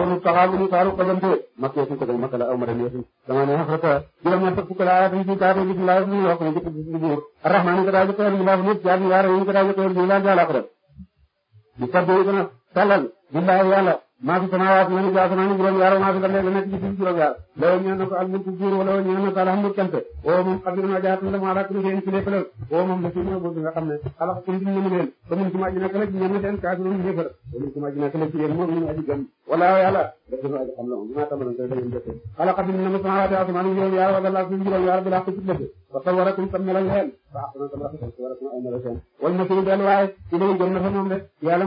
kon taxawu taaru ko dem de makkee suñ ko dem makka la aw ma dem yéen dama ne xarata juróom ñaar fukk la ayatam ci taatu bi la ñu wax ne jikko bu buur arrahman ko daaje ko ñu la ñu jaar ñu yaara ñu ko daaje ko ñu la jaala ko di tabbe gëna salal billahi yàlla maa fi samaawaat ma ni jaasamaani juróom yaar maa fi la nekk ci juróom yaar law ñeel na ko almulku nguur wala law ñeel na ko woo moom xadir na jaat na dama ala kulli shay'in ci lépp la woo moom la ci ñëw boobu nga xam ne alax ko ndim ñu leen ba mun ci ma ji nak seen kaafirun ñëfër ba mun ci ma ji nak la ci aji gëm wala yàlla def na aji xam la moom ma tamal ko dañu jëf ala xadir na sama waati asmaan ñu yow yaar wala la ñu yow yaar bila ko ci def wa tawarakum tamala leen ba xana tam rafa tawarakum ay mala seen wal masiru del waaye ci dañu gëm na fa moom de yàlla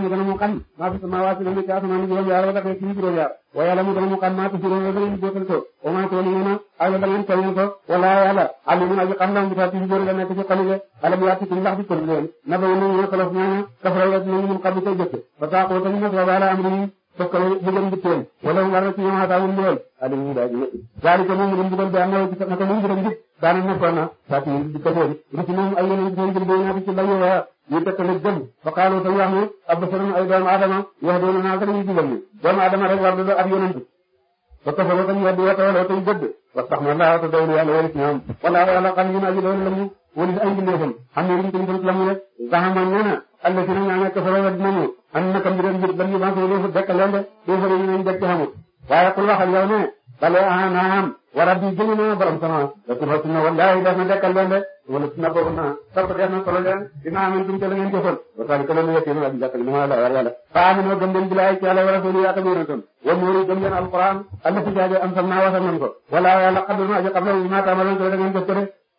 mu a yaar wa yàlla mu doomu xam naa ko si réew mi ba ngeen jëfal ko au moins que ñu ne ah yàlla ngeen teel ngeen ko wala yàlla alimu na bi xam naa mu taal ci biir la nekk ci xalu ge alam yaati ci ndax bi tëdd leen na ba yéen a ngi ne xolof ñaana kafra yàlla dinañu mun xam li koy jëfee ba saa ko tamit nag wa baala amri te kaw bëggoon di teel wala mu war a ci ñoom attaqué lool Aliou daal di yëg daal di ko moom mu doon am nawet bi sax naka mu ngi doon jub daanaka nekkoon na saa ci ñun di ko teel rëcc nañu ay yeneen ñoom jël doy naa ci la ñu waa ñu teg ko nag jëm ba xaaral te ay doomu aadama wax dëgg naa ko dañuy dugal nii na laa te doy na yàlla wala ci ñoom wala wala xam ñu naa ji doy wala ay mbindeefam xam ne dañ koy def la mu ne Zahama nee na àll ci nag naa nekk solo wet nañu am na kam bi doon jël ban yu baax yooyu dëkk leen de suuf rek ñu ngi dëkk xamul waaye ku waxal yow ne bale ah naam wa rabbi jëli naa borom sama la tufa sunna wallahi def na dëkkal leen de wala sunna boobu naa topp def na solo leen dina amoon suñu la ngeen jëfal ba tax ko leen yëkkati ak jàppale ma la war yàlla fa amino gëm leen bilaay ci yàlla wa rasuli ak yonentam wa muuri gëm leen alquran allati jaaje am sam naa wasal nañ ko wala yàlla xaddu naa ji xam na ma taamaloon ko da ngeen jëf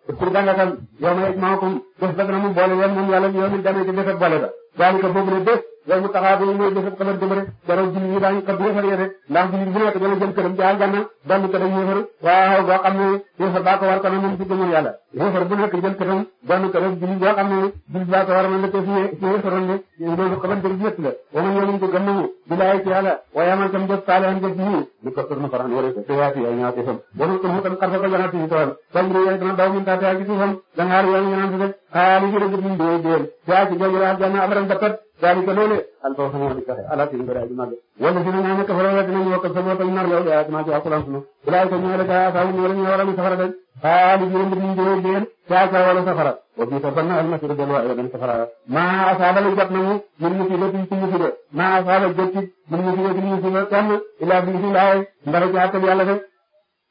pour dangatam yow ma yegg maa ko bés ba dana mu boole yow moom yàlla yow mi demee ci bés ak boole ba daanaka boobu la bés yow mu taxaw ba ñu ñëw bésab xabar jëm rek jarul jullit ñi daañu xab yéefar ya de ndax jullit bu nekk dana jëm këram ca àjjana dolli ko day yéefar waaw boo xam ne yéefar baa ko war kon moom ci gëmul yàlla yéefar bu nekk jël këram dolli ko rek jullit boo xam ne jullit baa ko war man la ko fiye ci yéefaroon ne loolu xabar jëm ñett la wala ñooñu ko gëm nañu bilaay ci yàlla waaye amal tam jëf faale am jëf yi lu ko tourne faran wala ko teyaati ay ñaati fam wala ko mu tam xarfa ko janati ci tool tam ñu dana daw min taati xaaral yi jërëjëf ñu doon doon jaay ci jaajëfal ak jamono abaral ba kat jaay bi que loolu al ba xamoo di joxe ala suñu bëraay bi màgg wala si ñun ñoo kafaral rek dinañu yokk sa bopp ak nar yow yaa ma ci alquran sunu bilaay ko ñoo la gaa faaw ñoo la ñu waral safara dañ xaaral yi jërëjëf ñu doon doon jaay sa wala safara wa bi tabban al masir del wa ila safara ma asaba la jot nañu min musibati ci musiba ma asaba jot min musibati ci musiba kan ila bi ilaay ndara ci ak yàlla de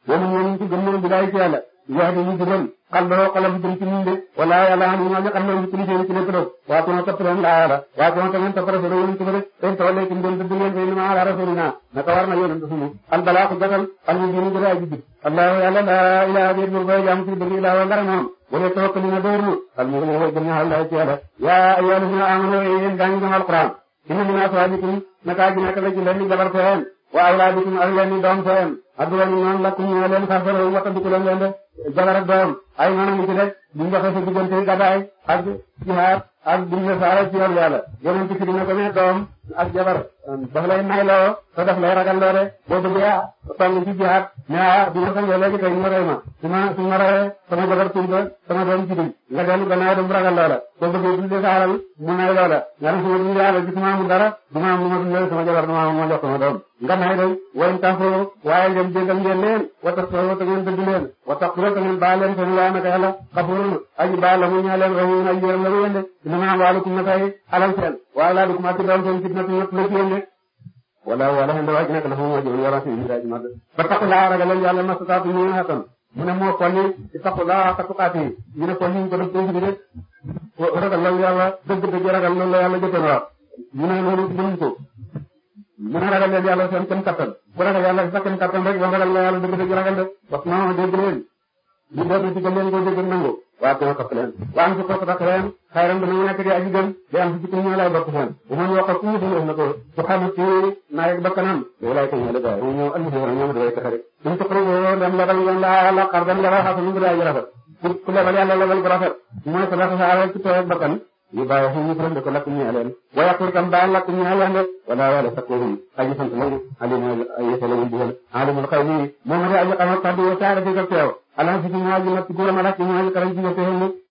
wa mu ñu ci gëm na bilaay ci yàlla wax dëgg yu bëggoon xam nga xoolal fi ci ñun de wala yàlla am na ñoo xam ne ci liggéey bi ci nekk doon waaw kon topp leen laa yàlla waaw kon tamit topp rafetlu leen ci rek seen tool yi ci ngeen dëgg ngeen fay ma ala rasulina naka war na yéen a def moom. al balaa ko jagal al mu jëriñ dara ji bi. allahu yàlla laa ilaaha illa huwa jaamu ci bëgg ilaa wa dara moom wala tawakkalina dooru al mu ngi wax jëriñ allah ci yàlla yaa ayyuha alladhina amanu yéen gaa ngi gëm alquran inna min aswabikum naka ji nekk la ci leen jabar seen wa awladikum ak leen doom seen ak loolu noonu la ku ñëwee leen saafara wattandiku leen leen de jabar ak doom ay noonu ñu ci rek bu ñu doxee sa diggante gàddaay ak jihaad ak bu ñu saara ci yoon yàlla yeneen ci dina ko ne doom ak jabar daf lay mayloo te daf lay ragal loo de boo bëggee ah, tong ci jihaad mais ah bu ma sangee léegi tey ñu ma rey ma su ma su ma reyee sama jabar tuñ ko ragal loola boo bëggee dundee sa alal mu nay loola nga ne sama dundee alal ci su dara du ma am lu ma dundee sama jabar du ma ngeen jégal ngeen leen wata soo te ngeen dëgg leen wata xura te ngeen baal leen seen laa naka yàlla xafurun aji baal la mu ñaa leen rahiim aji yërëm la mu yende inama waalukum na tay alal seen waa laa dukum ak doom seen fitna tu ñëpp la ci yende wala wala xenda waaj nak la fa moojo yara fi ndaaj ma ba taxu laa ragal leen yàlla masataatu ñu na tan mu ne moo kolli ci taxu laa ka tuqaati ñu ne kolli ñu ko def ci bi de ragal loolu yàlla dëgg dëgg ragal loolu la yàlla jotoon wax ñu ne loolu ci ko mu ne ragal leen yàlla seen kenn kattan bu ragal yàlla sa kem kàttan rek ba nga ragal yàlla dëgg dëgg ragal de wax na ma dégg leen ñu dootu ci gën nangu waa ko topp leen wa am ci ko tax leen xayram dana di aji di am ci ci ñu seen bu ma wax ko ñu ko su xam ci na rek bakkanam do lay ko ñu la gaay ñu al ñu wara ñu do lay tax rek la dal la la xar dem la xasu ñu do ay rafet la bal yàlla la bal bakkan yu a xëy na def ko lakk ñu àlleen waaye pour tam baax lakk ñu àlleen rek wala wala sakkuhum aji sant lañu alimul yësalawul digal alimul xaw nii moom rek aji xamal kàddu yoo saa rek teew alhamdulilah ji nag góor ma lakk ñu àll karam ci yësalawul